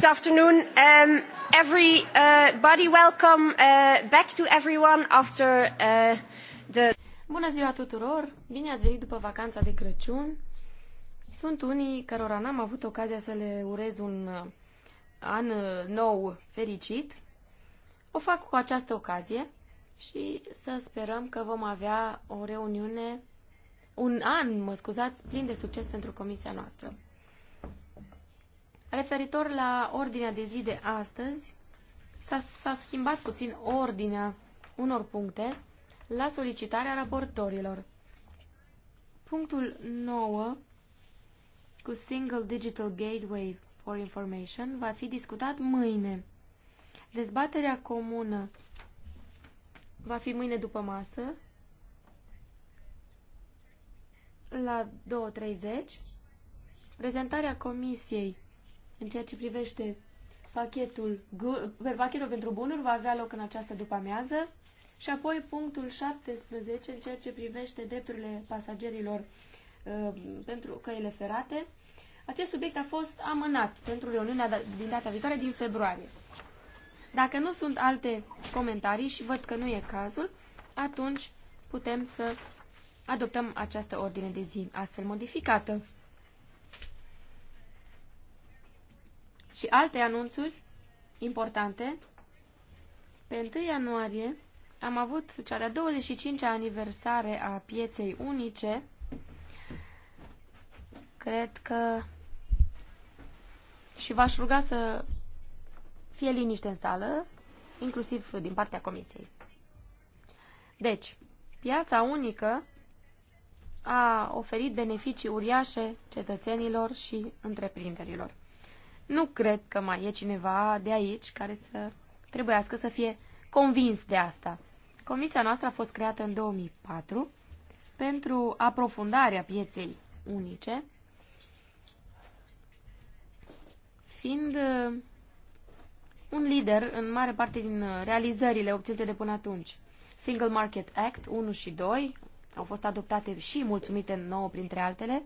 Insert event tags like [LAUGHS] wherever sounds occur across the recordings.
Good afternoon, um, everybody. Uh, welcome uh, back to everyone after uh, the. Bună ziua tuturor! Bine ați venit după vacanța de Crăciun. Sunt unii cărora n-am avut ocazia să le urez un uh, an uh, nou fericit. O fac cu această ocazie și să sperăm că vom avea o reuniune, un an, mă scuzați, plin de succes pentru comisia noastră. Referitor la ordinea de zi de astăzi, s-a schimbat puțin ordinea unor puncte la solicitarea raportorilor. Punctul 9 cu Single Digital Gateway for Information va fi discutat mâine. Dezbaterea comună va fi mâine după masă la 2.30. Prezentarea comisiei în ceea ce privește pachetul, pachetul pentru bunuri, va avea loc în această după-amiază. Și apoi punctul 17 în ceea ce privește drepturile pasagerilor uh, pentru căile ferate. Acest subiect a fost amânat pentru reuniunea da- din data viitoare din februarie. Dacă nu sunt alte comentarii și văd că nu e cazul, atunci putem să adoptăm această ordine de zi astfel modificată. și alte anunțuri importante. Pe 1 ianuarie am avut cea de-a 25-a aniversare a pieței unice. Cred că și v-aș ruga să fie liniște în sală, inclusiv din partea comisiei. Deci, piața unică a oferit beneficii uriașe cetățenilor și întreprinderilor. Nu cred că mai e cineva de aici care să trebuiască să fie convins de asta. Comisia noastră a fost creată în 2004 pentru aprofundarea pieței unice, fiind uh, un lider în mare parte din uh, realizările obținute de până atunci. Single Market Act 1 și 2 au fost adoptate și mulțumite nouă printre altele,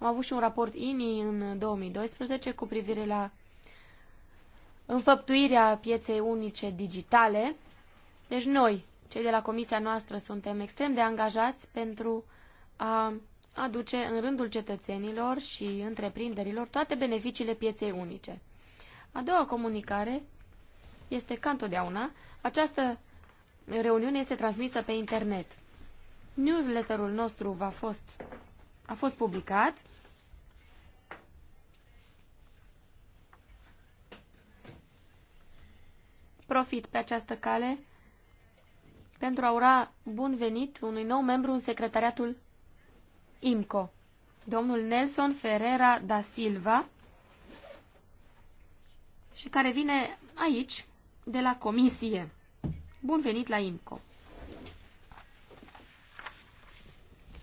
am avut și un raport INI în 2012 cu privire la înfăptuirea pieței unice digitale. Deci noi, cei de la comisia noastră, suntem extrem de angajați pentru a aduce în rândul cetățenilor și întreprinderilor toate beneficiile pieței unice. A doua comunicare este ca întotdeauna, această reuniune este transmisă pe internet. Newsletterul nostru va fost a fost publicat. Profit pe această cale pentru a ura bun venit unui nou membru în secretariatul IMCO, domnul Nelson Ferreira da Silva, și care vine aici, de la comisie. Bun venit la IMCO!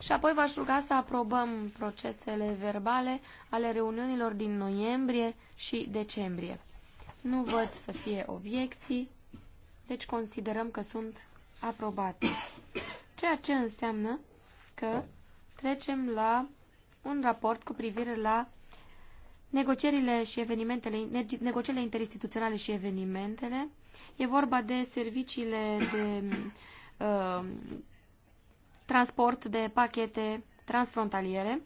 Și apoi v-aș ruga să aprobăm procesele verbale ale reuniunilor din noiembrie și decembrie. Nu văd să fie obiecții, deci considerăm că sunt aprobate. Ceea ce înseamnă că trecem la un raport cu privire la negocierile și evenimentele, negocierile interinstituționale și evenimentele. E vorba de serviciile de uh, transport de pachete transfrontaliere.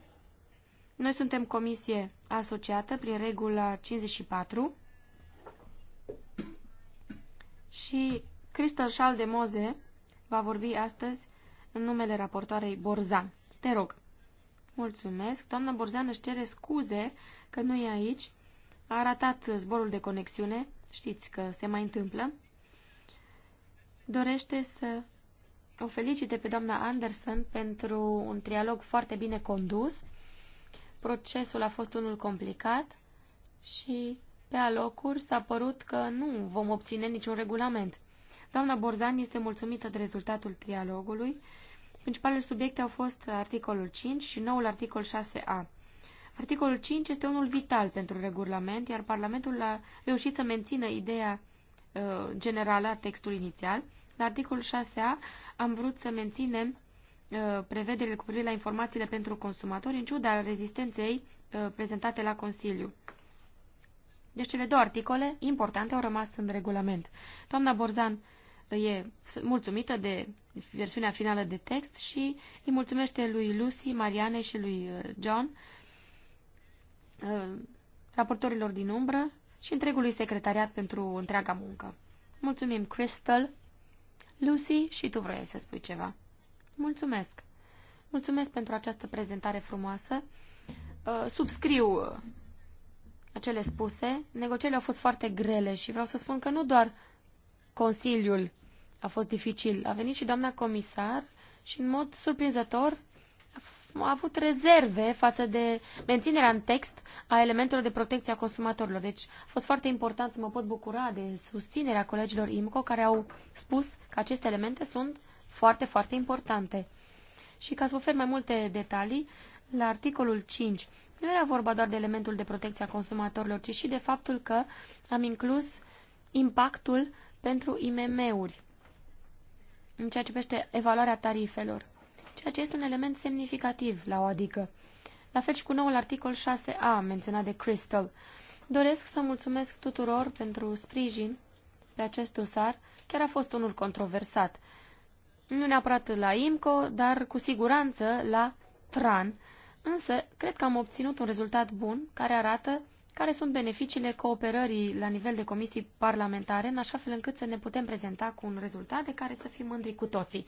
Noi suntem comisie asociată prin regula 54 și Cristel Charles de Moze va vorbi astăzi în numele raportoarei Borzan. Te rog. Mulțumesc. Doamna Borzan își cere scuze că nu e aici. A ratat zborul de conexiune. Știți că se mai întâmplă. Dorește să o felicite pe doamna Anderson pentru un trialog foarte bine condus. Procesul a fost unul complicat și pe alocuri s-a părut că nu vom obține niciun regulament. Doamna Borzan este mulțumită de rezultatul trialogului. Principalele subiecte au fost articolul 5 și noul articol 6a. Articolul 5 este unul vital pentru regulament, iar Parlamentul a reușit să mențină ideea Uh, generală a textului inițial. La articolul 6a am vrut să menținem uh, prevederile cu privire la informațiile pentru consumatori, în ciuda rezistenței uh, prezentate la Consiliu. Deci cele două articole importante au rămas în regulament. Doamna Borzan e mulțumită de versiunea finală de text și îi mulțumește lui Lucy, Mariane și lui John, raportorilor din umbră și întregului secretariat pentru întreaga muncă. Mulțumim, Crystal. Lucy, și tu vrei să spui ceva. Mulțumesc. Mulțumesc pentru această prezentare frumoasă. Uh, subscriu uh, acele spuse. Negocierile au fost foarte grele și vreau să spun că nu doar Consiliul a fost dificil. A venit și doamna comisar și, în mod surprinzător, a avut rezerve față de menținerea în text a elementelor de protecție a consumatorilor. Deci a fost foarte important să mă pot bucura de susținerea colegilor IMCO care au spus că aceste elemente sunt foarte, foarte importante. Și ca să ofer mai multe detalii, la articolul 5 nu era vorba doar de elementul de protecție a consumatorilor, ci și de faptul că am inclus impactul pentru IMM-uri în ceea ce privește evaluarea tarifelor ceea ce este un element semnificativ la o adică. La fel și cu noul articol 6a menționat de Crystal. Doresc să mulțumesc tuturor pentru sprijin pe acest dosar. Chiar a fost unul controversat. Nu neapărat la IMCO, dar cu siguranță la TRAN. Însă, cred că am obținut un rezultat bun care arată care sunt beneficiile cooperării la nivel de comisii parlamentare, în așa fel încât să ne putem prezenta cu un rezultat de care să fim mândri cu toții.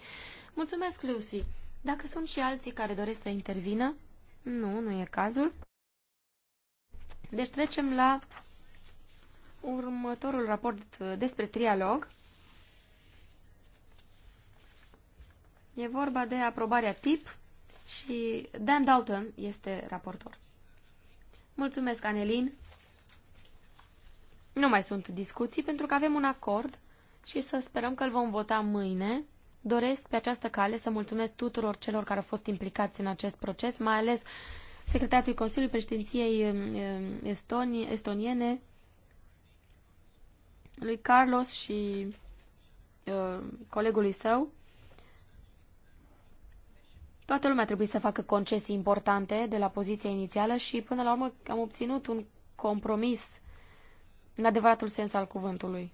Mulțumesc, Lucy! Dacă sunt și alții care doresc să intervină, nu, nu e cazul. Deci trecem la următorul raport uh, despre trialog. E vorba de aprobarea tip și Dan Dalton este raportor. Mulțumesc, Anelin. Nu mai sunt discuții pentru că avem un acord și să sperăm că îl vom vota mâine Doresc pe această cale să mulțumesc tuturor celor care au fost implicați în acest proces, mai ales secretarului Consiliului Președinției um, um, Estoni, estoniene, lui Carlos și uh, colegului său. Toată lumea trebuie să facă concesii importante de la poziția inițială și până la urmă am obținut un compromis în adevăratul sens al cuvântului.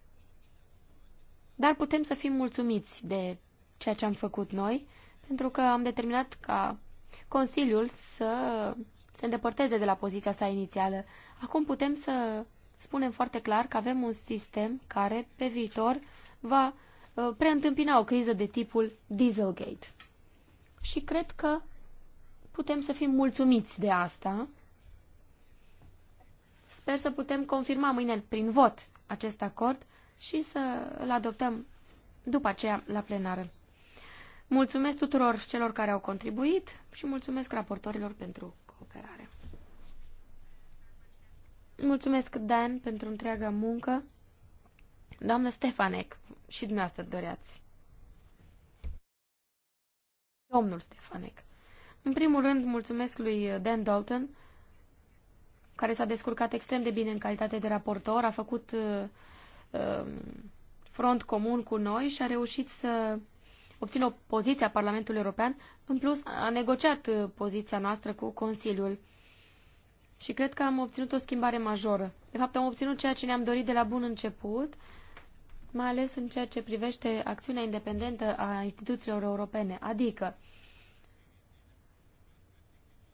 Dar putem să fim mulțumiți de ceea ce am făcut noi, pentru că am determinat ca Consiliul să se îndepărteze de la poziția sa inițială. Acum putem să spunem foarte clar că avem un sistem care, pe viitor, va uh, preîntâmpina o criză de tipul Dieselgate. Și cred că putem să fim mulțumiți de asta. Sper să putem confirma mâine prin vot acest acord și să-l adoptăm după aceea la plenară. Mulțumesc tuturor celor care au contribuit și mulțumesc raportorilor pentru cooperare. Mulțumesc, Dan, pentru întreaga muncă. Doamnă Stefanec, și dumneavoastră doreați. Domnul Stefanec. În primul rând, mulțumesc lui Dan Dalton, care s-a descurcat extrem de bine în calitate de raportor, a făcut uh, um, front comun cu noi și a reușit să Obțin o poziție a Parlamentului European, în plus a negociat uh, poziția noastră cu Consiliul. Și cred că am obținut o schimbare majoră. De fapt, am obținut ceea ce ne-am dorit de la bun început, mai ales în ceea ce privește acțiunea independentă a instituțiilor europene. Adică,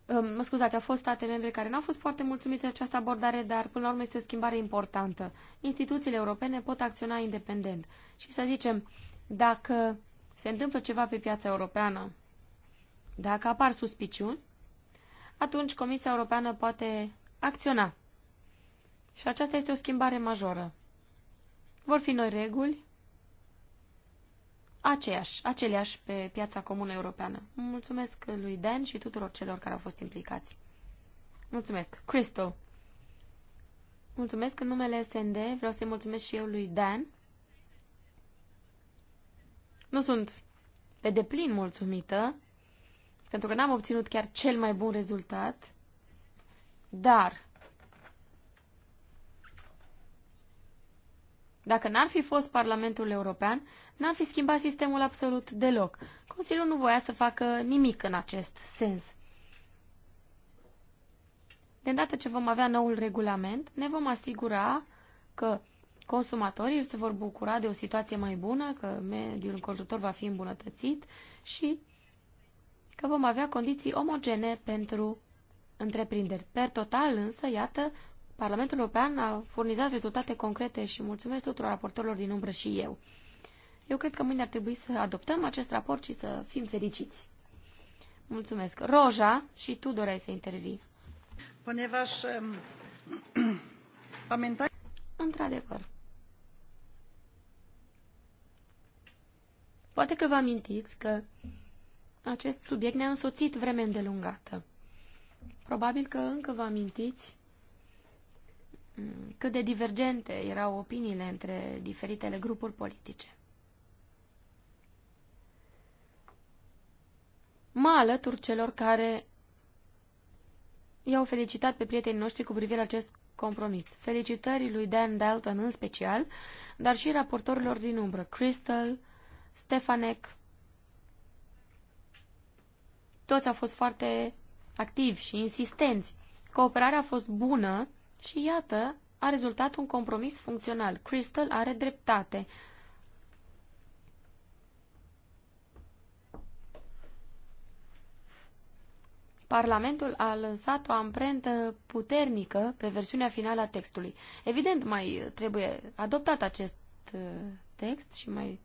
um, mă scuzați, au fost state membre care n-au fost foarte mulțumite de această abordare, dar până la urmă este o schimbare importantă. Instituțiile europene pot acționa independent. Și să zicem, dacă se întâmplă ceva pe piața europeană, dacă apar suspiciuni, atunci Comisia Europeană poate acționa. Și aceasta este o schimbare majoră. Vor fi noi reguli, aceeași, aceleași pe piața comună europeană. Mulțumesc lui Dan și tuturor celor care au fost implicați. Mulțumesc. Crystal. Mulțumesc în numele SND. Vreau să-i mulțumesc și eu lui Dan nu sunt pe deplin mulțumită, pentru că n-am obținut chiar cel mai bun rezultat, dar Dacă n-ar fi fost Parlamentul European, n-ar fi schimbat sistemul absolut deloc. Consiliul nu voia să facă nimic în acest sens. De îndată ce vom avea noul regulament, ne vom asigura că consumatorii se vor bucura de o situație mai bună, că mediul înconjurător va fi îmbunătățit și că vom avea condiții omogene pentru întreprinderi. Per total, însă, iată, Parlamentul European a furnizat rezultate concrete și mulțumesc tuturor raportorilor din umbră și eu. Eu cred că mâine ar trebui să adoptăm acest raport și să fim fericiți. Mulțumesc. Roja, și tu doreai să intervii. Ponieważ, um, [CLEARS THROAT] Într-adevăr, Poate că vă amintiți că acest subiect ne-a însoțit vreme îndelungată. Probabil că încă vă amintiți mm, cât de divergente erau opiniile între diferitele grupuri politice. Mă alătur celor care i-au felicitat pe prietenii noștri cu privire la acest compromis. Felicitării lui Dan Dalton în special, dar și raportorilor din umbră, Crystal, Stefanec. Toți au fost foarte activi și insistenți. Cooperarea a fost bună și iată, a rezultat un compromis funcțional. Crystal are dreptate. Parlamentul a lansat o amprentă puternică pe versiunea finală a textului. Evident, mai trebuie adoptat acest uh, text și mai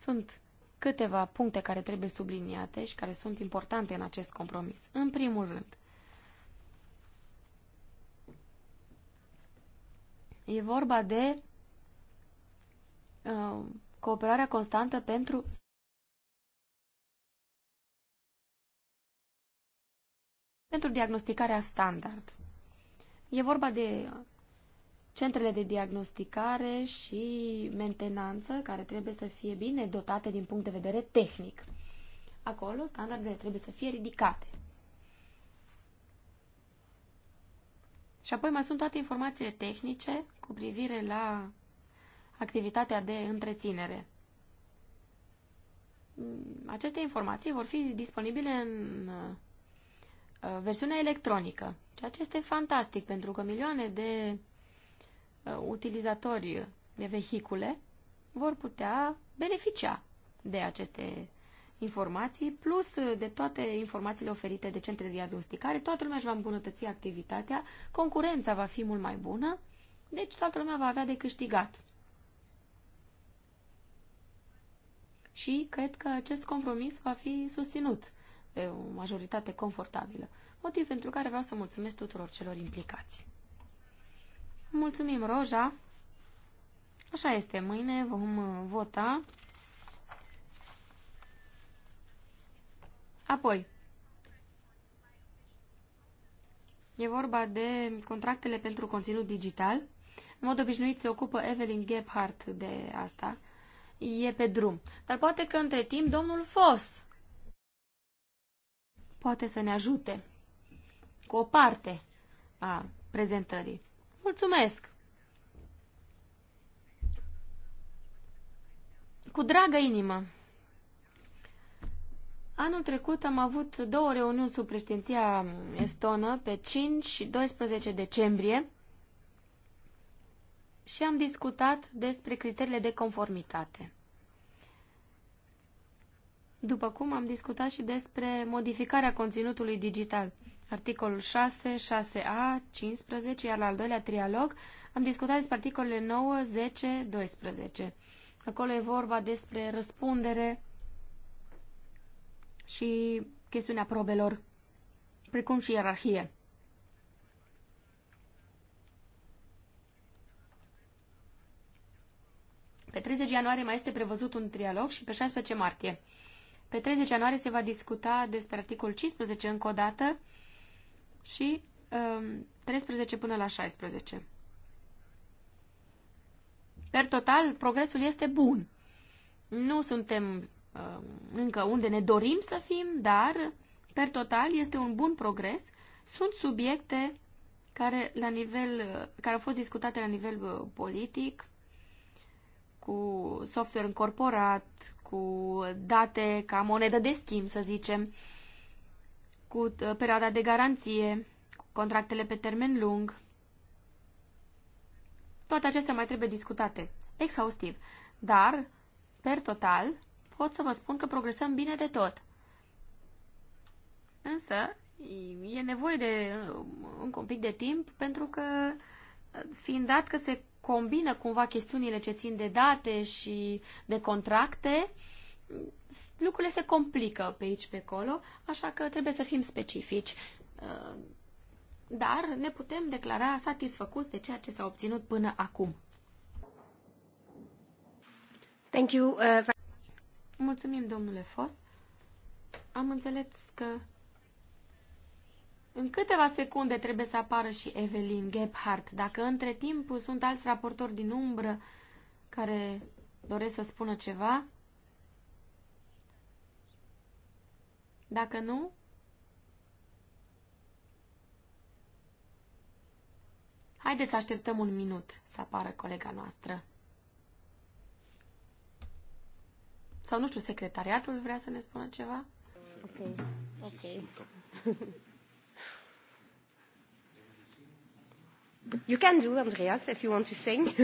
sunt câteva puncte care trebuie subliniate și care sunt importante în acest compromis. În primul rând, e vorba de uh, cooperarea constantă pentru pentru diagnosticarea standard. E vorba de centrele de diagnosticare și mentenanță, care trebuie să fie bine dotate din punct de vedere tehnic. Acolo standardele trebuie să fie ridicate. Și apoi mai sunt toate informațiile tehnice cu privire la activitatea de întreținere. Aceste informații vor fi disponibile în uh, versiunea electronică, ceea ce este fantastic, pentru că milioane de Uh, utilizatori de vehicule vor putea beneficia de aceste informații, plus de toate informațiile oferite de centre de diagnosticare. Toată lumea își va îmbunătăți activitatea, concurența va fi mult mai bună, deci toată lumea va avea de câștigat. Și cred că acest compromis va fi susținut de o majoritate confortabilă, motiv pentru care vreau să mulțumesc tuturor celor implicați. Mulțumim, Roja. Așa este, mâine vom uh, vota. Apoi, e vorba de contractele pentru conținut digital. În mod obișnuit se ocupă Evelyn Gebhardt de asta. E pe drum. Dar poate că între timp domnul Fos poate să ne ajute cu o parte a prezentării. Mulțumesc! Cu dragă inimă! Anul trecut am avut două reuniuni sub președinția estonă, pe 5 și 12 decembrie, și am discutat despre criteriile de conformitate. După cum am discutat și despre modificarea conținutului digital articolul 6, 6a, 15, iar la al doilea trialog am discutat despre articolele 9, 10, 12. Acolo e vorba despre răspundere și chestiunea probelor, precum și ierarhie. Pe 30 ianuarie mai este prevăzut un trialog și pe 16 martie. Pe 30 ianuarie se va discuta despre articolul 15 încă o dată, și um, 13 până la 16. Per total, progresul este bun. Nu suntem um, încă unde ne dorim să fim, dar per total este un bun progres. Sunt subiecte care, la nivel, uh, care au fost discutate la nivel uh, politic, cu software încorporat, cu date ca monedă de schimb, să zicem cu uh, perioada de garanție, cu contractele pe termen lung. Toate acestea mai trebuie discutate, exhaustiv. Dar, per total, pot să vă spun că progresăm bine de tot. Însă, e nevoie de uh, încă un pic de timp, pentru că, uh, fiind dat că se combină cumva chestiunile ce țin de date și de contracte, uh, lucrurile se complică pe aici, pe acolo, așa că trebuie să fim specifici. Uh, dar ne putem declara satisfăcuți de ceea ce s-a obținut până acum. Thank you. Uh, Mulțumim, domnule Fos. Am înțeles că în câteva secunde trebuie să apară și Evelyn Gebhardt. Dacă între timp sunt alți raportori din umbră care doresc să spună ceva, Dacă nu, haideți să așteptăm un minut să apară colega noastră. Sau nu știu, secretariatul vrea să ne spună ceva? Ok, ok. [LAUGHS] You can do, Andreas, if you want to sing. [LAUGHS]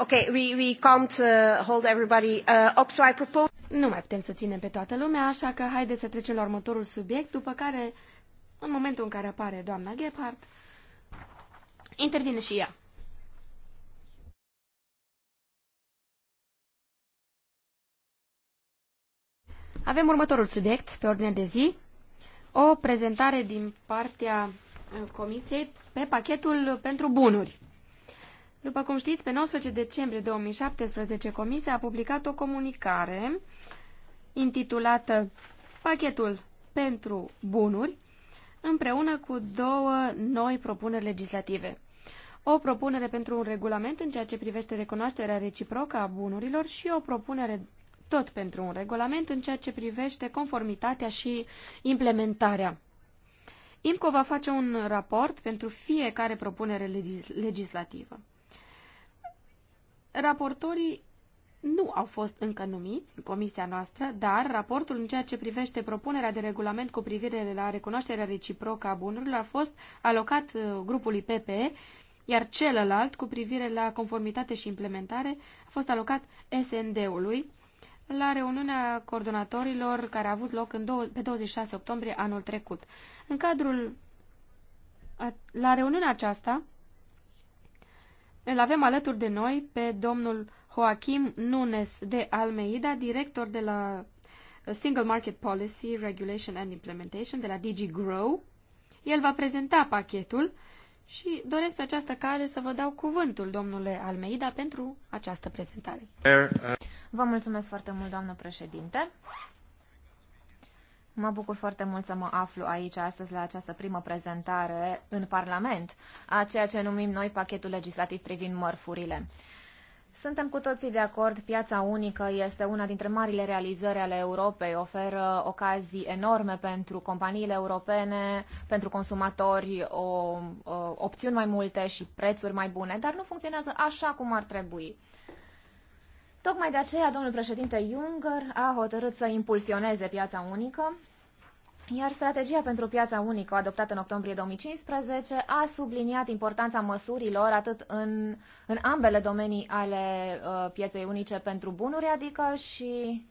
Ok, we, we can't uh, hold everybody uh, up, so I propose... Nu mai putem să ținem pe toată lumea, așa că haideți să trecem la următorul subiect, după care, în momentul în care apare doamna Gephardt, intervine și ea. Avem următorul subiect pe ordine de zi, o prezentare din partea uh, Comisiei pe pachetul pentru bunuri. După cum știți, pe 19 decembrie 2017, Comisia a publicat o comunicare intitulată Pachetul pentru bunuri, împreună cu două noi propuneri legislative. O propunere pentru un regulament în ceea ce privește recunoașterea reciprocă a bunurilor și o propunere tot pentru un regulament în ceea ce privește conformitatea și implementarea. IMCO va face un raport pentru fiecare propunere legislativă raportorii nu au fost încă numiți în comisia noastră, dar raportul în ceea ce privește propunerea de regulament cu privire la recunoașterea reciprocă a bunurilor a fost alocat uh, grupului PPE, iar celălalt, cu privire la conformitate și implementare, a fost alocat SND-ului la reuniunea coordonatorilor care a avut loc în pe 26 octombrie anul trecut. În cadrul la reuniunea aceasta, îl avem alături de noi pe domnul Joachim Nunes de Almeida, director de la Single Market Policy, Regulation and Implementation de la DG Grow. El va prezenta pachetul și doresc pe această cale să vă dau cuvântul, domnule Almeida, pentru această prezentare. Vă mulțumesc foarte mult, doamnă președinte. Mă bucur foarte mult să mă aflu aici astăzi la această primă prezentare în Parlament a ceea ce numim noi pachetul legislativ privind mărfurile. Suntem cu toții de acord, piața unică este una dintre marile realizări ale Europei, oferă ocazii enorme pentru companiile europene, pentru consumatori, o, o, opțiuni mai multe și prețuri mai bune, dar nu funcționează așa cum ar trebui. Tocmai de aceea, domnul președinte Juncker a hotărât să impulsioneze piața unică, iar strategia pentru piața unică, adoptată în octombrie 2015, a subliniat importanța măsurilor atât în, în ambele domenii ale uh, pieței unice pentru bunuri, adică și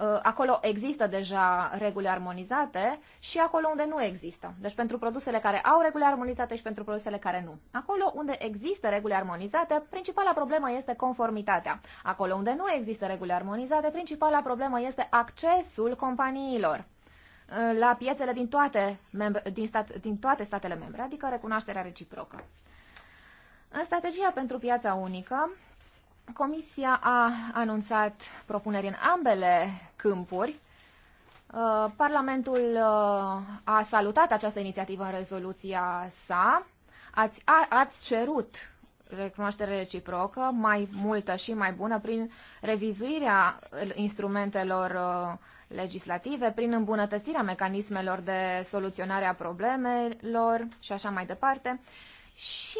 Uh, acolo există deja reguli armonizate și acolo unde nu există. Deci pentru produsele care au reguli armonizate și pentru produsele care nu. Acolo unde există reguli armonizate, principala problemă este conformitatea. Acolo unde nu există reguli armonizate, principala problemă este accesul companiilor uh, la piețele din toate, membre, din, stat, din toate statele membre, adică recunoașterea reciprocă. În strategia pentru piața unică, Comisia a anunțat propuneri în ambele câmpuri. Uh, Parlamentul uh, a salutat această inițiativă în rezoluția sa. Ați, a, ați cerut recunoaștere reciprocă mai multă și mai bună prin revizuirea instrumentelor uh, legislative, prin îmbunătățirea mecanismelor de soluționare a problemelor și așa mai departe. Și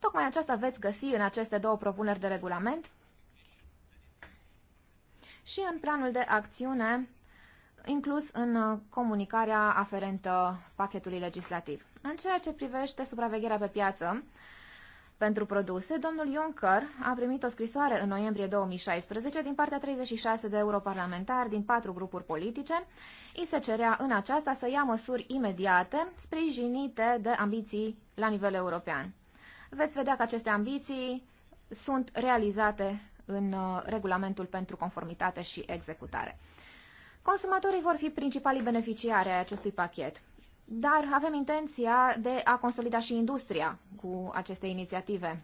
Tocmai aceasta veți găsi în aceste două propuneri de regulament și în planul de acțiune inclus în comunicarea aferentă pachetului legislativ. În ceea ce privește supravegherea pe piață pentru produse, domnul Juncker a primit o scrisoare în noiembrie 2016 din partea 36 de europarlamentari din patru grupuri politice. I se cerea în aceasta să ia măsuri imediate sprijinite de ambiții la nivel european veți vedea că aceste ambiții sunt realizate în uh, regulamentul pentru conformitate și executare. Consumatorii vor fi principalii beneficiari ai acestui pachet, dar avem intenția de a consolida și industria cu aceste inițiative.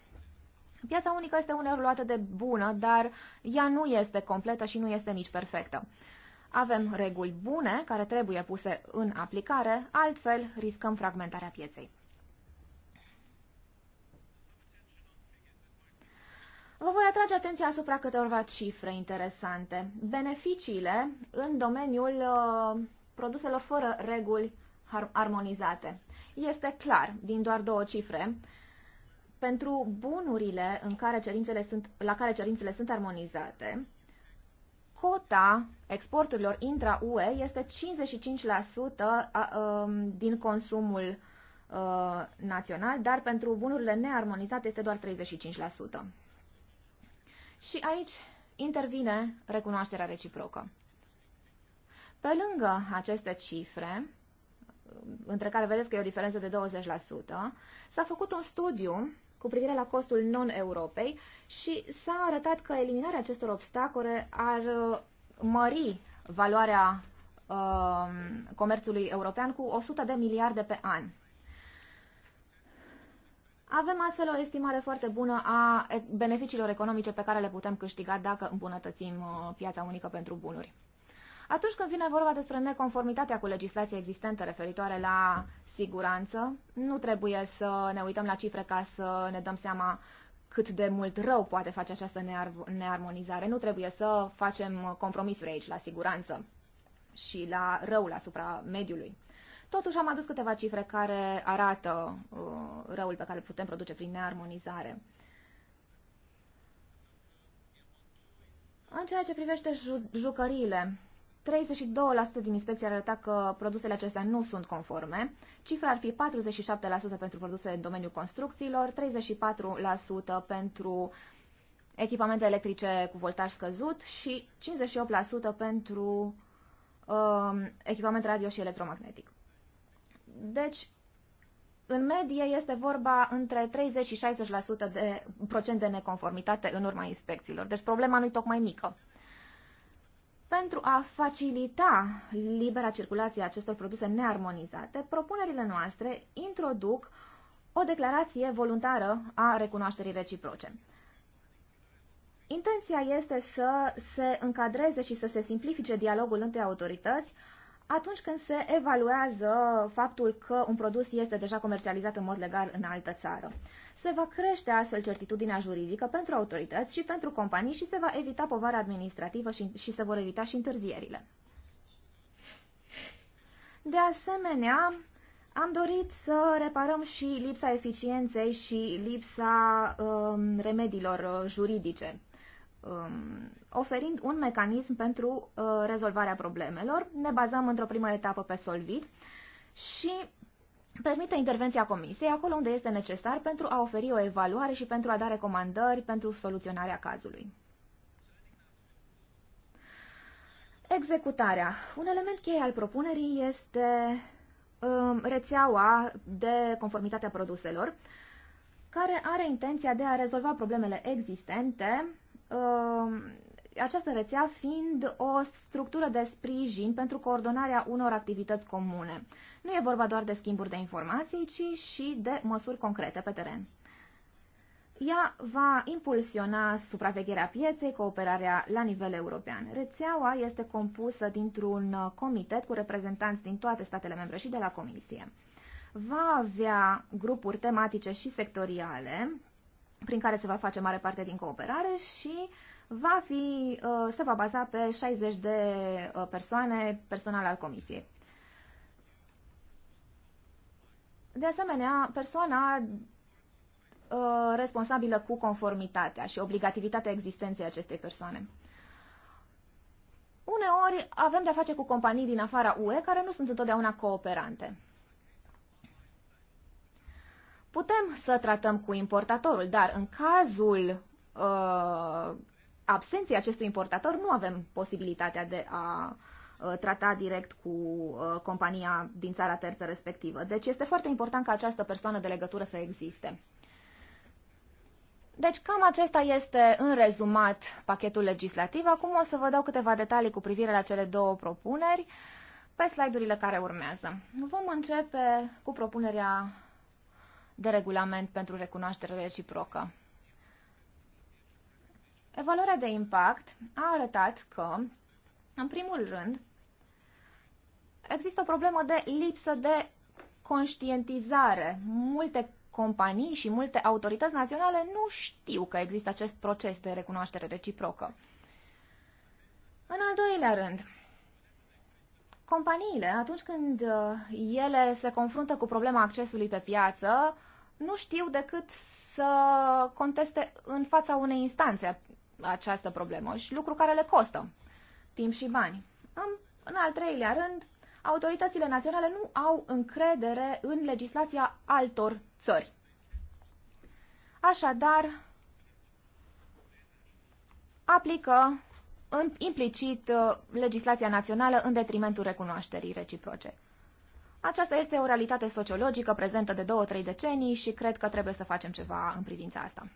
Piața unică este uneori luată de bună, dar ea nu este completă și nu este nici perfectă. Avem reguli bune care trebuie puse în aplicare, altfel riscăm fragmentarea pieței. Vă voi atrage atenția asupra câteva cifre interesante. Beneficiile în domeniul uh, produselor fără reguli armonizate. Este clar, din doar două cifre, pentru bunurile în care cerințele sunt, la care cerințele sunt armonizate, cota exporturilor intra-UE este 55% um, din consumul uh, național, dar pentru bunurile nearmonizate este doar 35%. Și aici intervine recunoașterea reciprocă. Pe lângă aceste cifre, între care vedeți că e o diferență de 20%, s-a făcut un studiu cu privire la costul non-Europei și s-a arătat că eliminarea acestor obstacole ar uh, mări valoarea uh, comerțului european cu 100 de miliarde pe an. Avem astfel o estimare foarte bună a beneficiilor economice pe care le putem câștiga dacă îmbunătățim uh, piața unică pentru bunuri. Atunci când vine vorba despre neconformitatea cu legislația existentă referitoare la siguranță, nu trebuie să ne uităm la cifre ca să ne dăm seama cât de mult rău poate face această nearmonizare. Nu trebuie să facem compromisuri aici la siguranță și la răul asupra mediului. Totuși am adus câteva cifre care arată uh, răul pe care îl putem produce prin nearmonizare. În ceea ce privește ju- jucăriile, 32% din inspecții arăta că produsele acestea nu sunt conforme. Cifra ar fi 47% pentru produse în domeniul construcțiilor, 34% pentru echipamente electrice cu voltaj scăzut și 58% pentru uh, echipament radio și electromagnetic. Deci, în medie este vorba între 30 și 60% de procent de neconformitate în urma inspecțiilor. Deci problema nu e tocmai mică. Pentru a facilita libera circulație a acestor produse nearmonizate, propunerile noastre introduc o declarație voluntară a recunoașterii reciproce. Intenția este să se încadreze și să se simplifice dialogul între autorități, atunci când se evaluează faptul că un produs este deja comercializat în mod legal în altă țară. Se va crește astfel certitudinea juridică pentru autorități și pentru companii și se va evita povara administrativă și, și se vor evita și întârzierile. De asemenea, am dorit să reparăm și lipsa eficienței și lipsa um, remediilor uh, juridice um, oferind un mecanism pentru uh, rezolvarea problemelor. Ne bazăm într-o primă etapă pe Solvit și permite intervenția comisiei acolo unde este necesar pentru a oferi o evaluare și pentru a da recomandări pentru soluționarea cazului. Executarea. Un element cheie al propunerii este um, rețeaua de conformitate a produselor, care are intenția de a rezolva problemele existente Um, această rețea fiind o structură de sprijin pentru coordonarea unor activități comune. Nu e vorba doar de schimburi de informații, ci și de măsuri concrete pe teren. Ea va impulsiona supravegherea pieței, cooperarea la nivel european. Rețeaua este compusă dintr-un comitet cu reprezentanți din toate statele membre și de la Comisie. Va avea grupuri tematice și sectoriale prin care se va face mare parte din cooperare și va fi, uh, se va baza pe 60 de uh, persoane, personal al comisiei. De asemenea, persoana uh, responsabilă cu conformitatea și obligativitatea existenței acestei persoane. Uneori avem de-a face cu companii din afara UE care nu sunt întotdeauna cooperante putem să tratăm cu importatorul, dar în cazul uh, absenței acestui importator nu avem posibilitatea de a uh, trata direct cu uh, compania din țara terță respectivă. Deci este foarte important ca această persoană de legătură să existe. Deci cam acesta este în rezumat pachetul legislativ. Acum o să vă dau câteva detalii cu privire la cele două propuneri pe slide-urile care urmează. Vom începe cu propunerea de regulament pentru recunoaștere reciprocă. Evaluarea de impact a arătat că, în primul rând, există o problemă de lipsă de conștientizare. Multe companii și multe autorități naționale nu știu că există acest proces de recunoaștere reciprocă. În al doilea rând, companiile, atunci când uh, ele se confruntă cu problema accesului pe piață, nu știu decât să conteste în fața unei instanțe această problemă și lucru care le costă timp și bani. În, în al treilea rând, autoritățile naționale nu au încredere în legislația altor țări. Așadar, aplică în, implicit uh, legislația națională în detrimentul recunoașterii reciproce. Aceasta este o realitate sociologică prezentă de două-trei decenii și cred că trebuie să facem ceva în privința asta.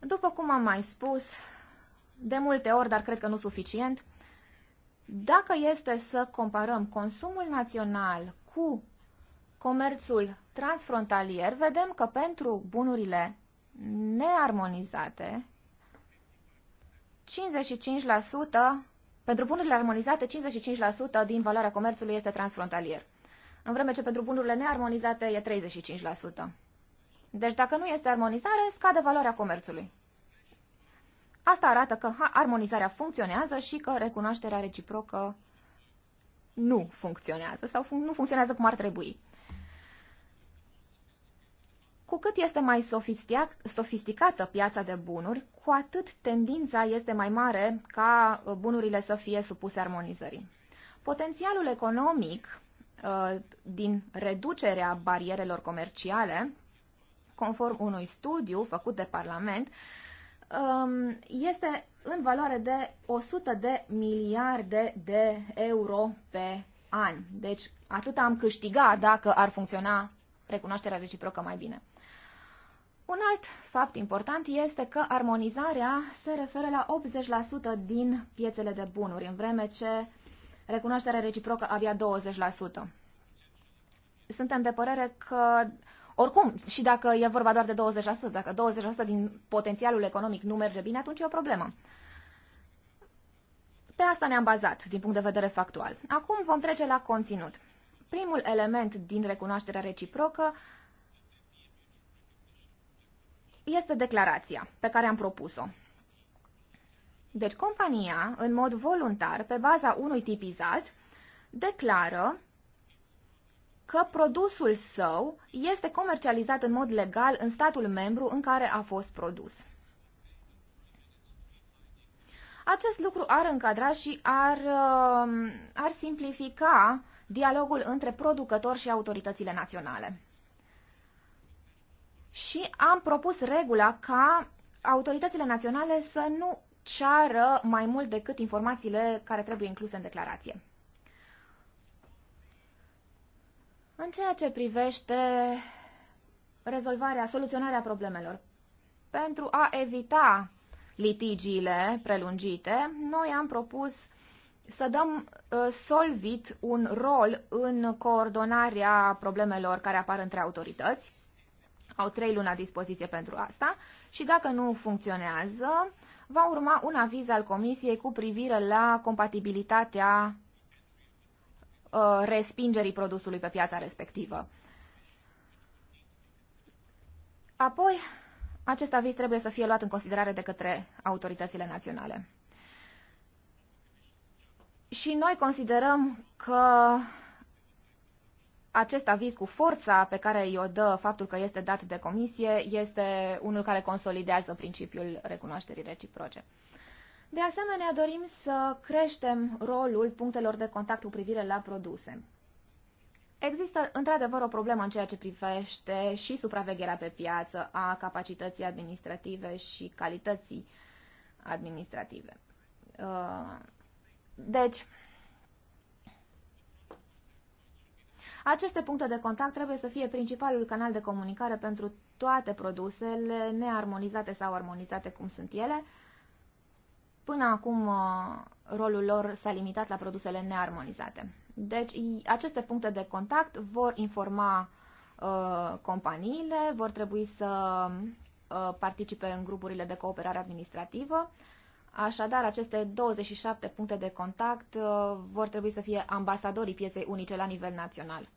După cum am mai spus, de multe ori, dar cred că nu suficient, dacă este să comparăm consumul național cu comerțul transfrontalier, vedem că pentru bunurile nearmonizate, 55% pentru bunurile armonizate, 55% din valoarea comerțului este transfrontalier, în vreme ce pentru bunurile nearmonizate e 35%. Deci dacă nu este armonizare, scade valoarea comerțului. Asta arată că armonizarea funcționează și că recunoașterea reciprocă nu funcționează sau nu funcționează cum ar trebui. Cu cât este mai sofisticată piața de bunuri, cu atât tendința este mai mare ca uh, bunurile să fie supuse armonizării. Potențialul economic uh, din reducerea barierelor comerciale, conform unui studiu făcut de Parlament, um, este în valoare de 100 de miliarde de euro pe an. Deci atât am câștigat dacă ar funcționa recunoașterea reciprocă mai bine. Un alt fapt important este că armonizarea se referă la 80% din piețele de bunuri, în vreme ce recunoașterea reciprocă avea 20%. Suntem de părere că, oricum, și dacă e vorba doar de 20%, dacă 20% din potențialul economic nu merge bine, atunci e o problemă. Pe asta ne-am bazat, din punct de vedere factual. Acum vom trece la conținut. Primul element din recunoașterea reciprocă este declarația pe care am propus-o. Deci compania, în mod voluntar, pe baza unui tipizat, declară că produsul său este comercializat în mod legal în statul membru în care a fost produs. Acest lucru ar încadra și ar, um, ar simplifica dialogul între producător și autoritățile naționale și am propus regula ca autoritățile naționale să nu ceară mai mult decât informațiile care trebuie incluse în declarație. În ceea ce privește rezolvarea, soluționarea problemelor, pentru a evita litigiile prelungite, noi am propus să dăm uh, Solvit un rol în coordonarea problemelor care apar între autorități au trei luni la dispoziție pentru asta și dacă nu funcționează, va urma un aviz al Comisiei cu privire la compatibilitatea uh, respingerii produsului pe piața respectivă. Apoi, acest aviz trebuie să fie luat în considerare de către autoritățile naționale. Și noi considerăm că acest aviz cu forța pe care îi o dă faptul că este dat de comisie este unul care consolidează principiul recunoașterii reciproce. De asemenea, dorim să creștem rolul punctelor de contact cu privire la produse. Există într-adevăr o problemă în ceea ce privește și supravegherea pe piață a capacității administrative și calității administrative. Uh, deci, Aceste puncte de contact trebuie să fie principalul canal de comunicare pentru toate produsele nearmonizate sau armonizate cum sunt ele. Până acum uh, rolul lor s-a limitat la produsele nearmonizate. Deci aceste puncte de contact vor informa uh, companiile, vor trebui să uh, participe în grupurile de cooperare administrativă. Așadar, aceste 27 puncte de contact uh, vor trebui să fie ambasadorii pieței unice la nivel național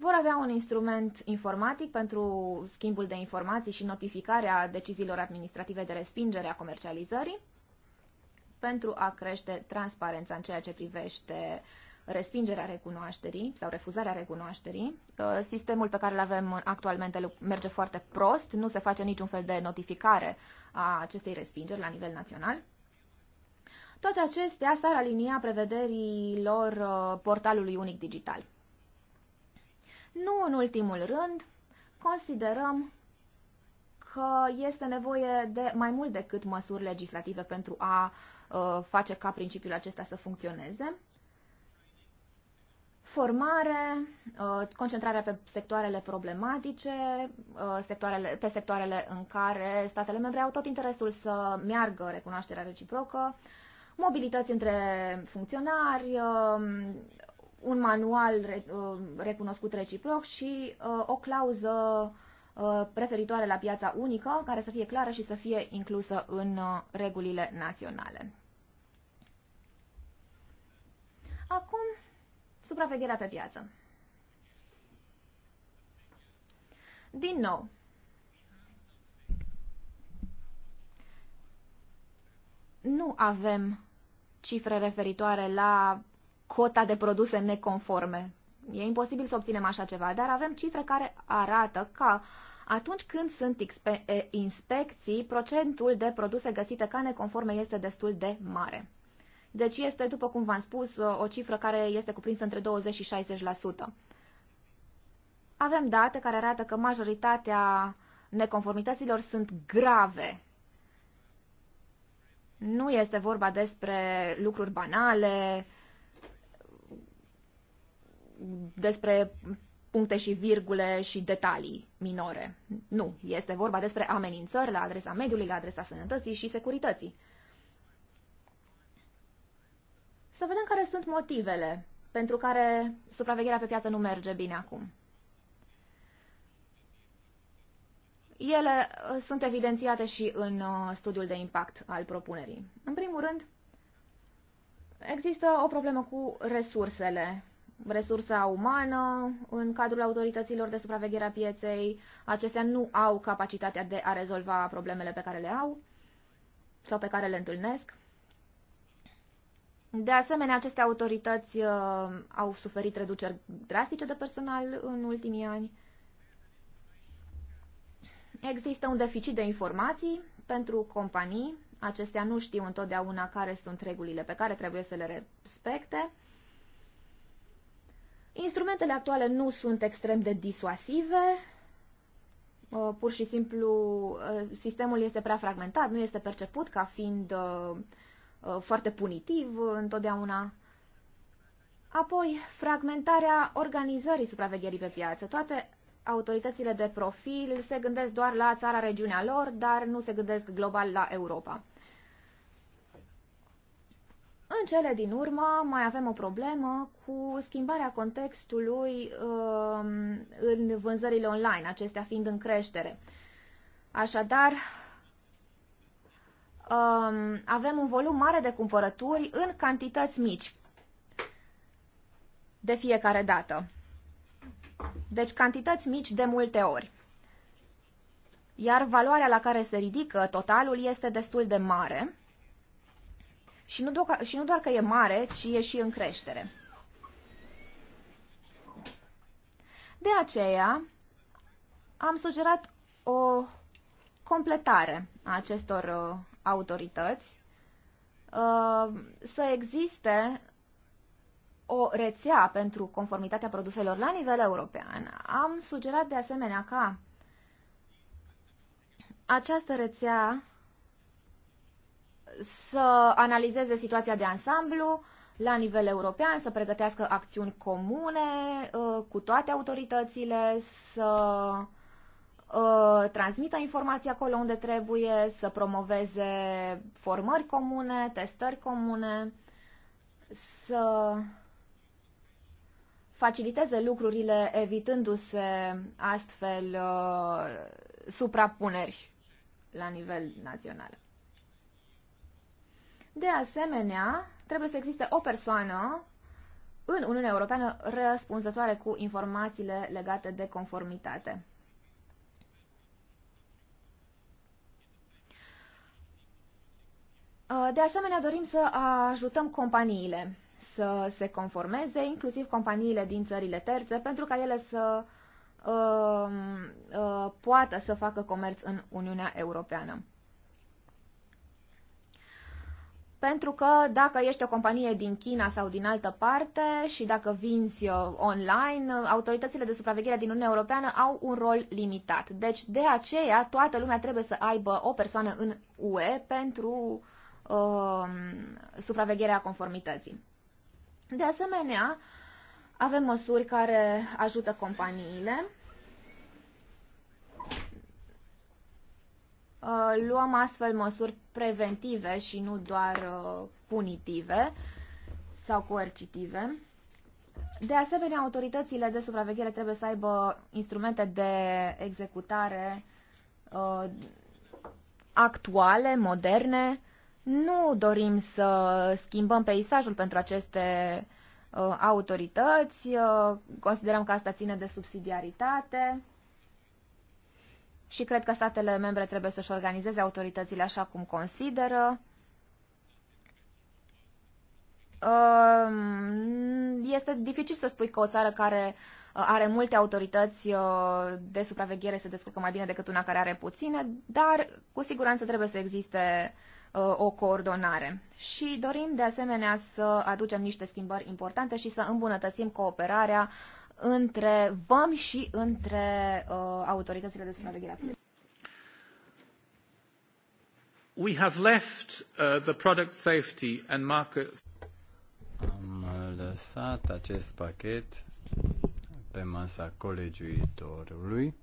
vor avea un instrument informatic pentru schimbul de informații și notificarea deciziilor administrative de respingere a comercializării pentru a crește transparența în ceea ce privește respingerea recunoașterii sau refuzarea recunoașterii. Uh, sistemul pe care îl avem actualmente merge foarte prost, nu se face niciun fel de notificare a acestei respingeri la nivel național. Toate acestea s-ar alinia prevederilor uh, portalului unic digital. Nu în ultimul rând, considerăm că este nevoie de mai mult decât măsuri legislative pentru a uh, face ca principiul acesta să funcționeze. Formare, uh, concentrarea pe sectoarele problematice, uh, sectoarele, pe sectoarele în care statele membre au tot interesul să meargă recunoașterea reciprocă, mobilități între funcționari, uh, un manual re, uh, recunoscut reciproc și uh, o clauză uh, preferitoare la piața unică, care să fie clară și să fie inclusă în regulile naționale. Acum, supravegherea pe piață. Din nou, nu avem cifre referitoare la cota de produse neconforme. E imposibil să obținem așa ceva, dar avem cifre care arată că atunci când sunt inspecții, procentul de produse găsite ca neconforme este destul de mare. Deci este, după cum v-am spus, o cifră care este cuprinsă între 20 și 60%. Avem date care arată că majoritatea neconformităților sunt grave. Nu este vorba despre lucruri banale, despre puncte și virgule și detalii minore. Nu, este vorba despre amenințări la adresa mediului, la adresa sănătății și securității. Să vedem care sunt motivele pentru care supravegherea pe piață nu merge bine acum. Ele uh, sunt evidențiate și în uh, studiul de impact al propunerii. În primul rând, există o problemă cu resursele resursa umană în cadrul autorităților de supraveghere a pieței. Acestea nu au capacitatea de a rezolva problemele pe care le au sau pe care le întâlnesc. De asemenea, aceste autorități uh, au suferit reduceri drastice de personal în ultimii ani. Există un deficit de informații pentru companii. Acestea nu știu întotdeauna care sunt regulile pe care trebuie să le respecte. Uh, Instrumentele actuale nu sunt extrem de disuasive, uh, pur și simplu uh, sistemul este prea fragmentat, nu este perceput ca fiind uh, foarte punitiv întotdeauna. Apoi, fragmentarea organizării supravegherii pe piață. Toate autoritățile de profil se gândesc doar la țara, regiunea lor, dar nu se gândesc global la Europa. În cele din urmă mai avem o problemă cu schimbarea contextului um, în vânzările online, acestea fiind în creștere. Așadar, um, avem un volum mare de cumpărături în cantități mici de fiecare dată. Deci cantități mici de multe ori. Iar valoarea la care se ridică totalul este destul de mare. Și nu, doca, și nu doar că e mare, ci e și în creștere. De aceea, am sugerat o completare a acestor uh, autorități, uh, să existe o rețea pentru conformitatea produselor la nivel european. Am sugerat de asemenea ca această rețea să analizeze situația de ansamblu la nivel european, să pregătească acțiuni comune uh, cu toate autoritățile, să uh, transmită informații acolo unde trebuie, să promoveze formări comune, testări comune, să faciliteze lucrurile evitându-se astfel uh, suprapuneri la nivel național. De asemenea, trebuie să existe o persoană în Uniunea Europeană răspunzătoare cu informațiile legate de conformitate. Uh, de asemenea, dorim să ajutăm companiile să se conformeze, inclusiv companiile din țările terțe, pentru ca ele să uh, uh, poată să facă comerț în Uniunea Europeană pentru că dacă ești o companie din China sau din altă parte și dacă vinzi uh, online, uh, autoritățile de supraveghere din Uniunea Europeană au un rol limitat. Deci, de aceea, toată lumea trebuie să aibă o persoană în UE pentru uh, supravegherea conformității. De asemenea, avem măsuri care ajută companiile Uh, luăm astfel măsuri preventive și nu doar uh, punitive sau coercitive. De asemenea, autoritățile de supraveghere trebuie să aibă instrumente de executare uh, actuale, moderne. Nu dorim să schimbăm peisajul pentru aceste uh, autorități. Uh, considerăm că asta ține de subsidiaritate și cred că statele membre trebuie să-și organizeze autoritățile așa cum consideră. Este dificil să spui că o țară care uh, are multe autorități uh, de supraveghere se descurcă mai bine decât una care are puține, dar cu siguranță trebuie să existe uh, o coordonare. Și dorim de asemenea să aducem niște schimbări importante și să îmbunătățim cooperarea uh, între VAM și între uh, autoritățile de supraveghere We have left uh, the product safety and market am lăsat acest pachet pe masa colegiuitorului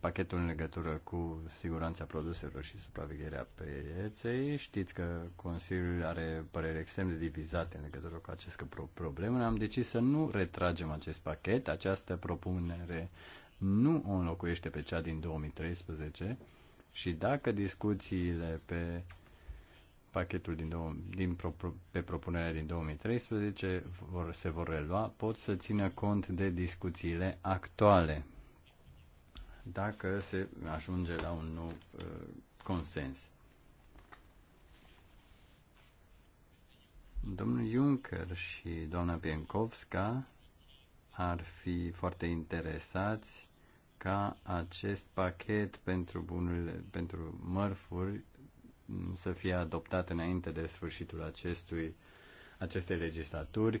pachetul în legătură cu siguranța produselor și supravegherea pieței. Știți că Consiliul are păreri extrem de divizate în legătură cu aceste probleme. Am decis să nu retragem acest pachet. Această propunere nu o înlocuiește pe cea din 2013 și dacă discuțiile pe pachetul din, două, din pro, pe propunerea din 2013 vor, se vor relua, pot să țină cont de discuțiile actuale dacă se ajunge la un nou uh, consens. Domnul Juncker și doamna Pienkovska ar fi foarte interesați ca acest pachet pentru bunurile, pentru mărfuri să fie adoptat înainte de sfârșitul acestui, acestei legislaturi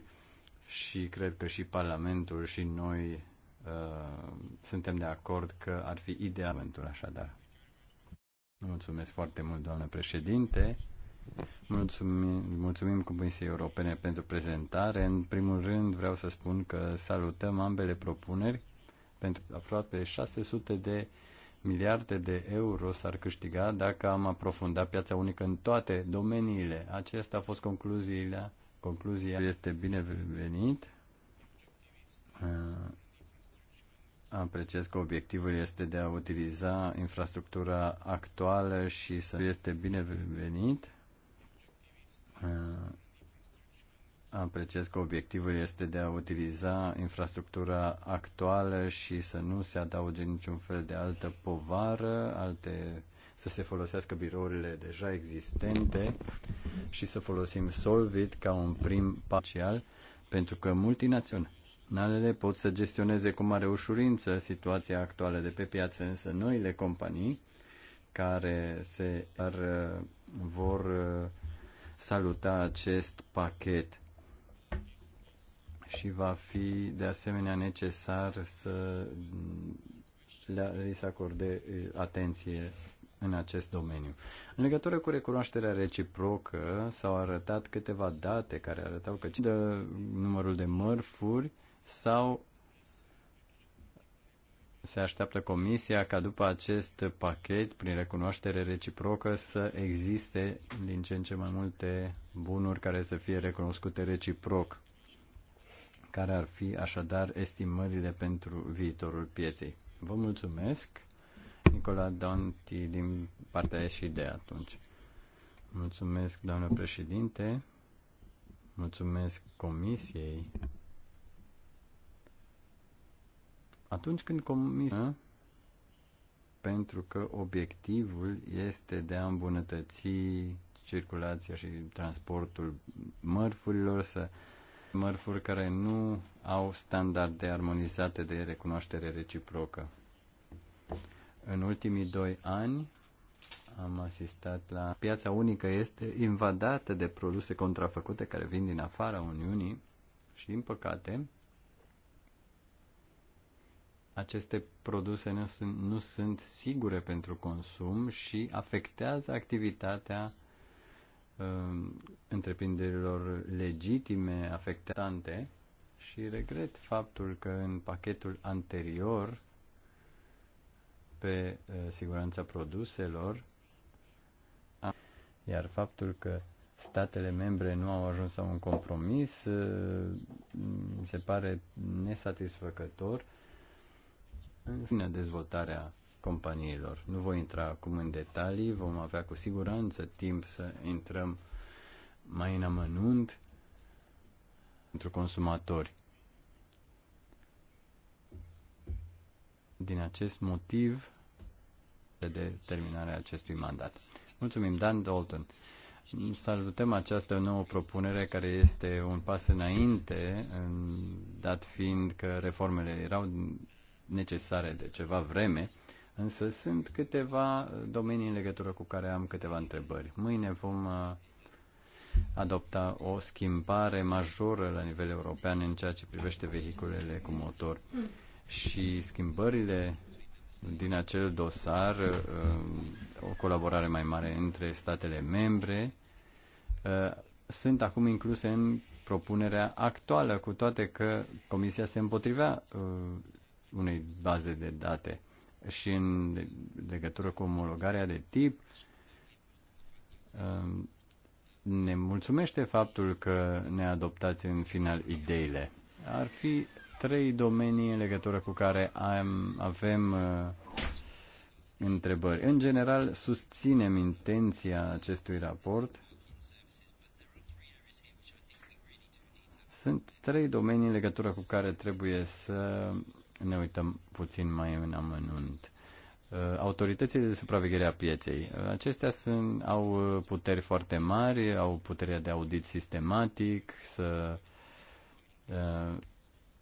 și cred că și Parlamentul și noi uh, suntem de acord că ar fi ideal momentul așadar. Mulțumesc foarte mult, doamnă președinte. Mulțumim, mulțumim Comisiei Europene pentru prezentare. În primul rând vreau să spun că salutăm ambele propuneri. Pentru aproape 600 de miliarde de euro s-ar câștiga dacă am aprofundat piața unică în toate domeniile. Aceasta a fost concluziile. Concluzia este binevenit. Uh, Apreciez că obiectivul este de a utiliza infrastructura actuală și să este binevenit. Uh, apreciez că obiectivul este de a utiliza infrastructura actuală și să nu se adauge niciun fel de altă povară, alte, să se folosească birourile deja existente și să folosim Solvit ca un prim parcial pentru că multinațional multinaționalele pot să gestioneze cu mare ușurință situația actuală de pe piață, însă noile companii care se ar, vor uh, saluta acest pachet și va fi de asemenea necesar să le se acorde uh, atenție în acest domeniu. În legătură cu recunoașterea reciprocă, s-au arătat câteva date care arătau că de numărul de mărfuri sau se așteaptă Comisia ca după acest pachet, prin recunoaștere reciprocă, să existe din ce în ce mai multe bunuri care să fie recunoscute reciproc, care ar fi așadar estimările pentru viitorul pieței. Vă mulțumesc, Nicola Danti, din partea și de atunci. Mulțumesc, doamnă președinte, mulțumesc Comisiei Atunci când comisia, pentru că obiectivul este de a îmbunătăți circulația și transportul mărfurilor, să mărfuri care nu au standarde armonizate de recunoaștere reciprocă. În ultimii doi ani am asistat la piața unică este invadată de produse contrafăcute care vin din afara Uniunii și, în păcate, aceste produse nu sunt, nu sunt sigure pentru consum și afectează activitatea uh, întreprinderilor legitime, afectante și regret faptul că în pachetul anterior pe uh, siguranța produselor, a... iar faptul că statele membre nu au ajuns la un compromis uh, se pare nesatisfăcător sine dezvoltarea companiilor. Nu voi intra acum în detalii, vom avea cu siguranță timp să intrăm mai în amănunt pentru consumatori. Din acest motiv de terminarea acestui mandat. Mulțumim, Dan Dalton. Salutăm această nouă propunere care este un pas înainte, dat fiind că reformele erau necesare de ceva vreme, însă sunt câteva domenii în legătură cu care am câteva întrebări. Mâine vom uh, adopta o schimbare majoră la nivel european în ceea ce privește vehiculele cu motor și schimbările din acel dosar, uh, o colaborare mai mare între statele membre, uh, sunt acum incluse în propunerea actuală, cu toate că Comisia se împotrivea unei baze de date și în legătură cu omologarea de tip, um, ne mulțumește faptul că ne adoptați în final ideile. Ar fi trei domenii în legătură cu care am, avem uh, întrebări. În general, susținem intenția acestui raport. Sunt trei domenii în legătură cu care trebuie să ne uităm puțin mai în amănunt. Uh, autoritățile de supraveghere a pieței. Uh, acestea sunt, au uh, puteri foarte mari, au puterea de audit sistematic, să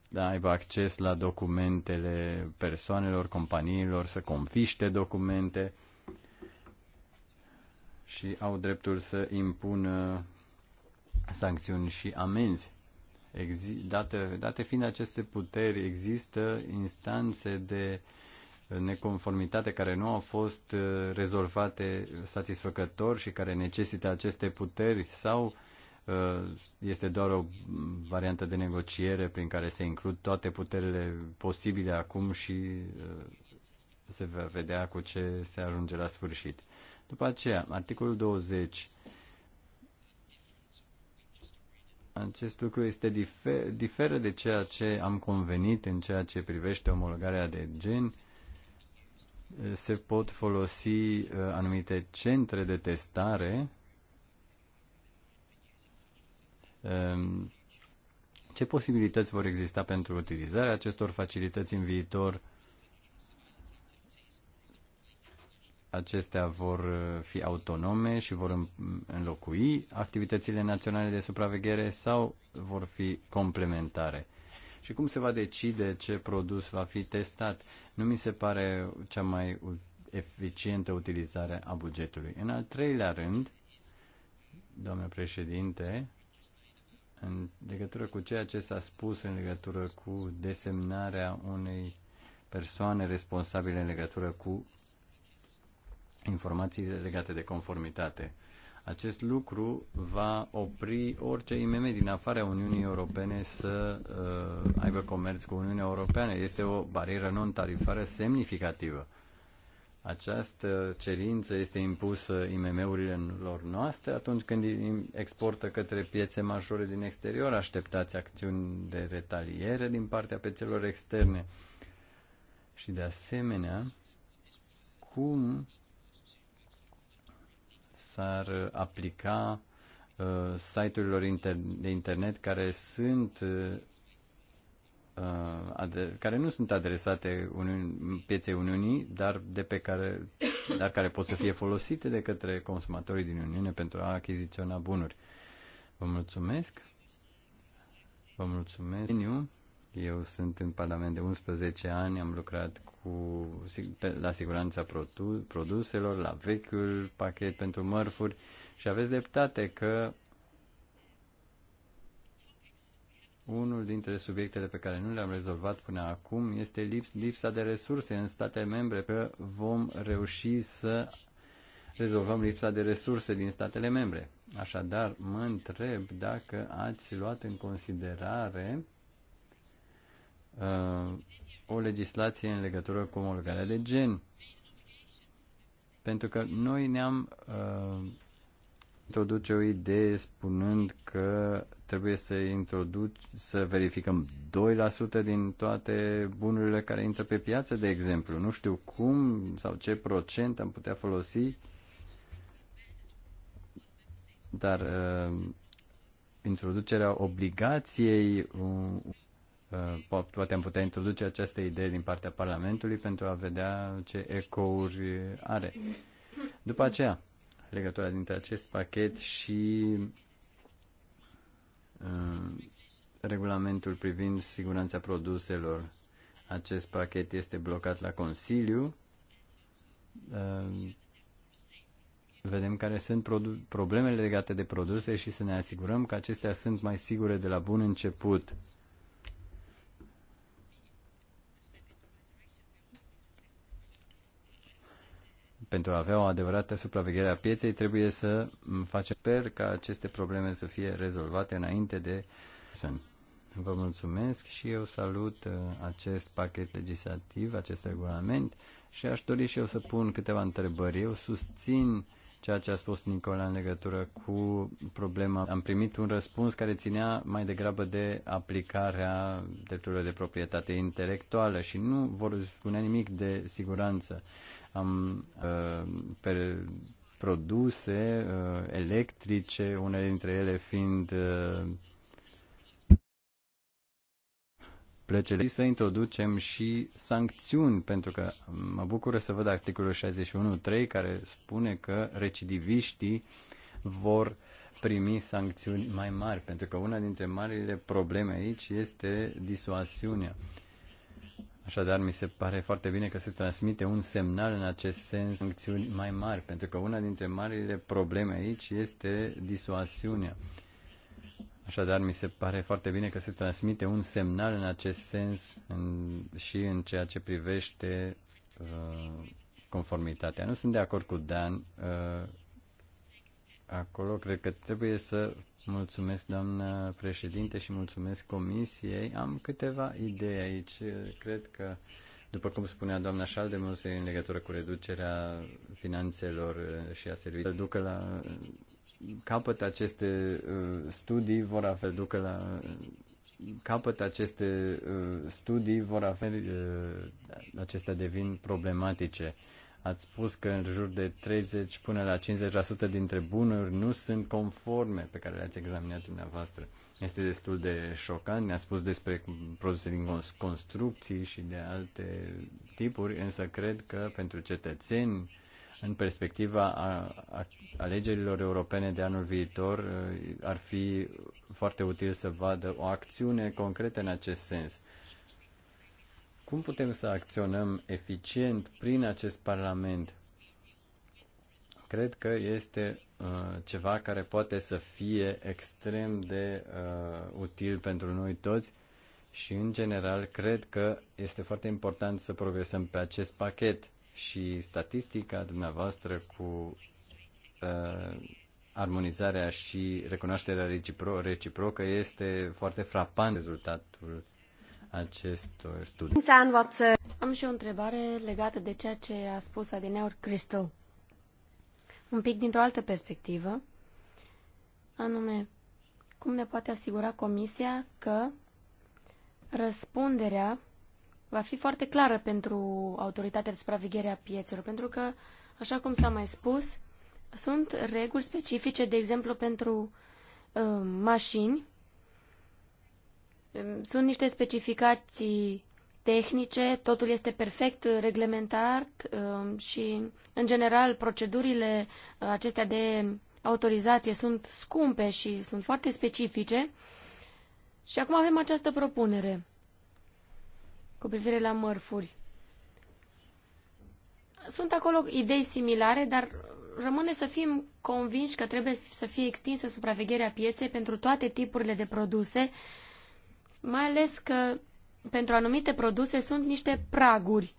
da, aibă acces la documentele persoanelor, companiilor, să confiște documente și au dreptul să impună sancțiuni și amenzi. Exi- date, date fiind aceste puteri, există instanțe de neconformitate care nu au fost uh, rezolvate satisfăcător și care necesită aceste puteri sau uh, este doar o variantă de negociere prin care se includ toate puterile posibile acum și uh, se va vedea cu ce se ajunge la sfârșit. După aceea, articolul 20 acest lucru este difer, diferă de ceea ce am convenit în ceea ce privește omologarea de gen. Se pot folosi uh, anumite centre de testare um, ce posibilități vor exista pentru utilizarea acestor facilități în viitor? acestea vor uh, fi autonome și vor înlocui activitățile naționale de supraveghere sau vor fi complementare? Și cum se va decide ce produs va fi testat? Nu mi se pare cea mai eficientă utilizare a bugetului. În al treilea rând, domnule președinte, în legătură cu ceea ce s-a spus în legătură cu desemnarea unei persoane responsabile în legătură cu informațiile legate de conformitate. Acest lucru va opri orice IMM din afara Uniunii Europene să uh, aibă comerț cu Uniunea Europeană. Este o barieră non-tarifară semnificativă. Această cerință este impusă IMM-urilor noastre atunci când exportă către piețe majore din exterior. Așteptați acțiuni de retaliere din partea piețelor externe. Și de asemenea, cum s-ar aplica uh, site-urilor inter- de internet care sunt uh, care nu sunt adresate Uniun- pieței Uniunii, dar de pe care dar care pot să fie folosite de către consumatorii din Uniune pentru a achiziționa bunuri. Vă mulțumesc. Vă mulțumesc. Eu sunt în Parlament de 11 ani, am lucrat cu, la siguranța produselor, la vechiul pachet pentru mărfuri și aveți dreptate că unul dintre subiectele pe care nu le-am rezolvat până acum este lips, lipsa de resurse în state membre, că vom reuși să rezolvăm lipsa de resurse din statele membre. Așadar, mă întreb dacă ați luat în considerare uh, o legislație în legătură cu omologarea de gen. Pentru că noi ne-am uh, introduce o idee spunând că trebuie să introduci, să verificăm 2% din toate bunurile care intră pe piață, de exemplu. Nu știu cum sau ce procent am putea folosi, dar uh, introducerea obligației uh, Uh, poate am putea introduce aceste idei din partea Parlamentului pentru a vedea ce ecouri are. După aceea, legătura dintre acest pachet și uh, regulamentul privind siguranța produselor. Acest pachet este blocat la Consiliu. Uh, vedem care sunt problemele legate de produse și să ne asigurăm că acestea sunt mai sigure de la bun început. pentru a avea o adevărată supraveghere a pieței, trebuie să facem. Sper ca aceste probleme să fie rezolvate înainte de Vă mulțumesc și eu salut uh, acest pachet legislativ, acest regulament și aș dori și eu să pun câteva întrebări. Eu susțin ceea ce a spus Nicola în legătură cu problema. Am primit un răspuns care ținea mai degrabă de aplicarea drepturilor de proprietate intelectuală și nu vor spune nimic de siguranță am uh, pe produse uh, electrice, unele dintre ele fiind uh, plăcere să introducem și sancțiuni, pentru că mă bucură să văd articolul 61.3 care spune că recidiviștii vor primi sancțiuni mai mari, pentru că una dintre marile probleme aici este disuasiunea. Așadar, mi se pare foarte bine că se transmite un semnal în acest sens, sancțiuni mai mari, pentru că una dintre marile probleme aici este disuasiunea. Așadar, mi se pare foarte bine că se transmite un semnal în acest sens în, și în ceea ce privește uh, conformitatea. Nu sunt de acord cu Dan. Uh, acolo cred că trebuie să Mulțumesc, doamnă președinte, și mulțumesc comisiei. Am câteva idei aici. Cred că, după cum spunea doamna Șaldemuse, în legătură cu reducerea finanțelor și a serviciilor, ducă la capăt aceste uh, studii, vor avea ducă la capăt aceste uh, studii, vor avea uh, acestea devin problematice. Ați spus că în jur de 30 până la 50% dintre bunuri nu sunt conforme pe care le-ați examinat dumneavoastră. Este destul de șocant. Ne-a spus despre produse din construcții și de alte tipuri, însă cred că pentru cetățeni, în perspectiva a, a, alegerilor europene de anul viitor, ar fi foarte util să vadă o acțiune concretă în acest sens cum putem să acționăm eficient prin acest Parlament? Cred că este uh, ceva care poate să fie extrem de uh, util pentru noi toți și, în general, cred că este foarte important să progresăm pe acest pachet și statistica dumneavoastră cu uh, armonizarea și recunoașterea recipro- reciprocă este foarte frapant rezultatul acestor studii. Am și o întrebare legată de ceea ce a spus Adineor Crystal. Un pic dintr-o altă perspectivă, anume, cum ne poate asigura Comisia că răspunderea va fi foarte clară pentru autoritatea de supraveghere a piețelor, pentru că, așa cum s-a mai spus, sunt reguli specifice, de exemplu, pentru uh, mașini sunt niște specificații tehnice, totul este perfect reglementat și, în general, procedurile uh, acestea de autorizație sunt scumpe și sunt foarte specifice. Și acum avem această propunere cu privire la mărfuri. Sunt acolo idei similare, dar rămâne să fim convinși că trebuie să fie extinsă supravegherea pieței pentru toate tipurile de produse, uh, mai ales că pentru anumite produse sunt niște praguri,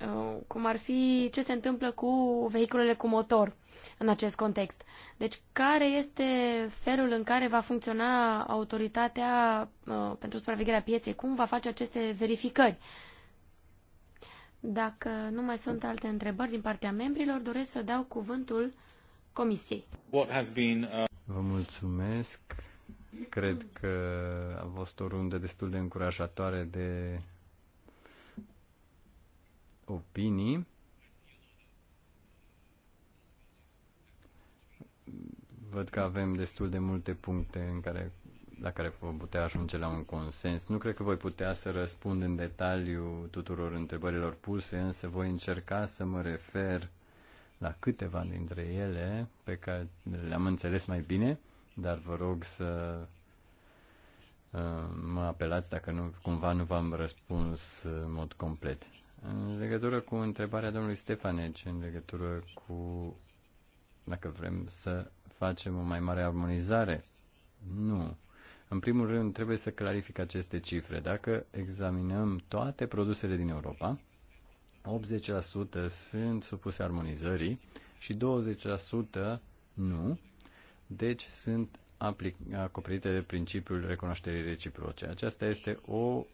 uh, cum ar fi ce se întâmplă cu vehiculele cu motor în acest context. Deci, care este felul în care va funcționa autoritatea uh, pentru supravegherea pieței? Cum va face aceste verificări? Dacă nu mai sunt alte întrebări din partea membrilor, doresc să dau cuvântul Comisiei. Uh, Vă mulțumesc. Cred că a fost o rundă destul de încurajatoare de opinii. Văd că avem destul de multe puncte în care, la care vom putea ajunge la un consens. Nu cred că voi putea să răspund în detaliu tuturor întrebărilor puse, însă voi încerca să mă refer la câteva dintre ele pe care le-am înțeles mai bine dar vă rog să uh, mă apelați dacă nu, cumva nu v-am răspuns în mod complet. În legătură cu întrebarea domnului Stefaneci, în legătură cu dacă vrem să facem o mai mare armonizare, nu. În primul rând, trebuie să clarific aceste cifre. Dacă examinăm toate produsele din Europa, 80% sunt supuse armonizării și 20% nu, deci sunt acoperite de principiul recunoașterii reciproce. Aceasta este o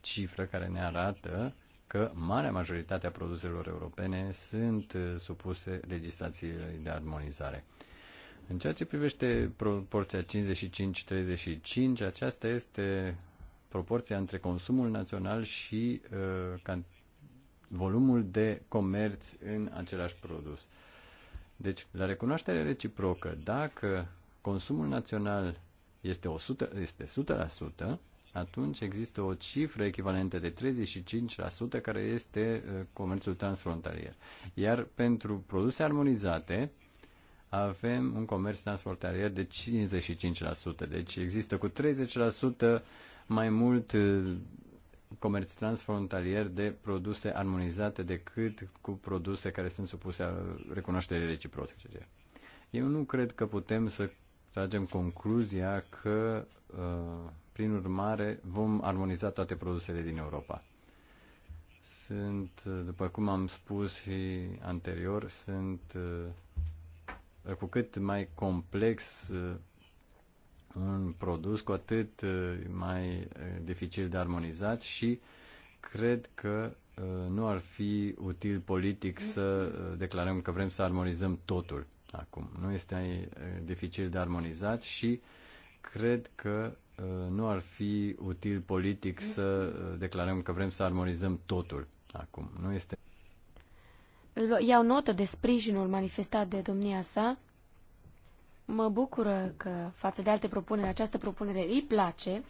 cifră care ne arată că marea majoritate a produselor europene sunt uh, supuse legislației de armonizare. În ceea ce privește proporția 55-35, aceasta este proporția între consumul național și uh, volumul de comerț în același produs. Uh, deci, la recunoaștere reciprocă, dacă consumul național este, 100, este 100%, atunci există o cifră echivalentă de 35% care este uh, comerțul transfrontalier. Iar pentru produse armonizate avem un comerț transfrontalier de 55%. Deci există cu 30% mai mult uh, comerț transfrontalier de produse armonizate decât cu produse care sunt supuse recunoașterii reciproce. Eu nu cred că putem să tragem concluzia că, uh, prin urmare, vom armoniza toate produsele din Europa. Sunt, uh, după cum am spus și anterior, sunt uh, cu cât mai complex un produs cu atât uh, mai uh, dificil de armonizat și cred că uh, nu ar fi util politic să declarăm că vrem să armonizăm totul acum. Nu este dificil de armonizat și cred că nu ar fi util politic să declarăm că vrem să armonizăm totul acum. Nu este. Iau notă de sprijinul manifestat de domnia sa Mă bucură că față de alte propuneri, această propunere îi place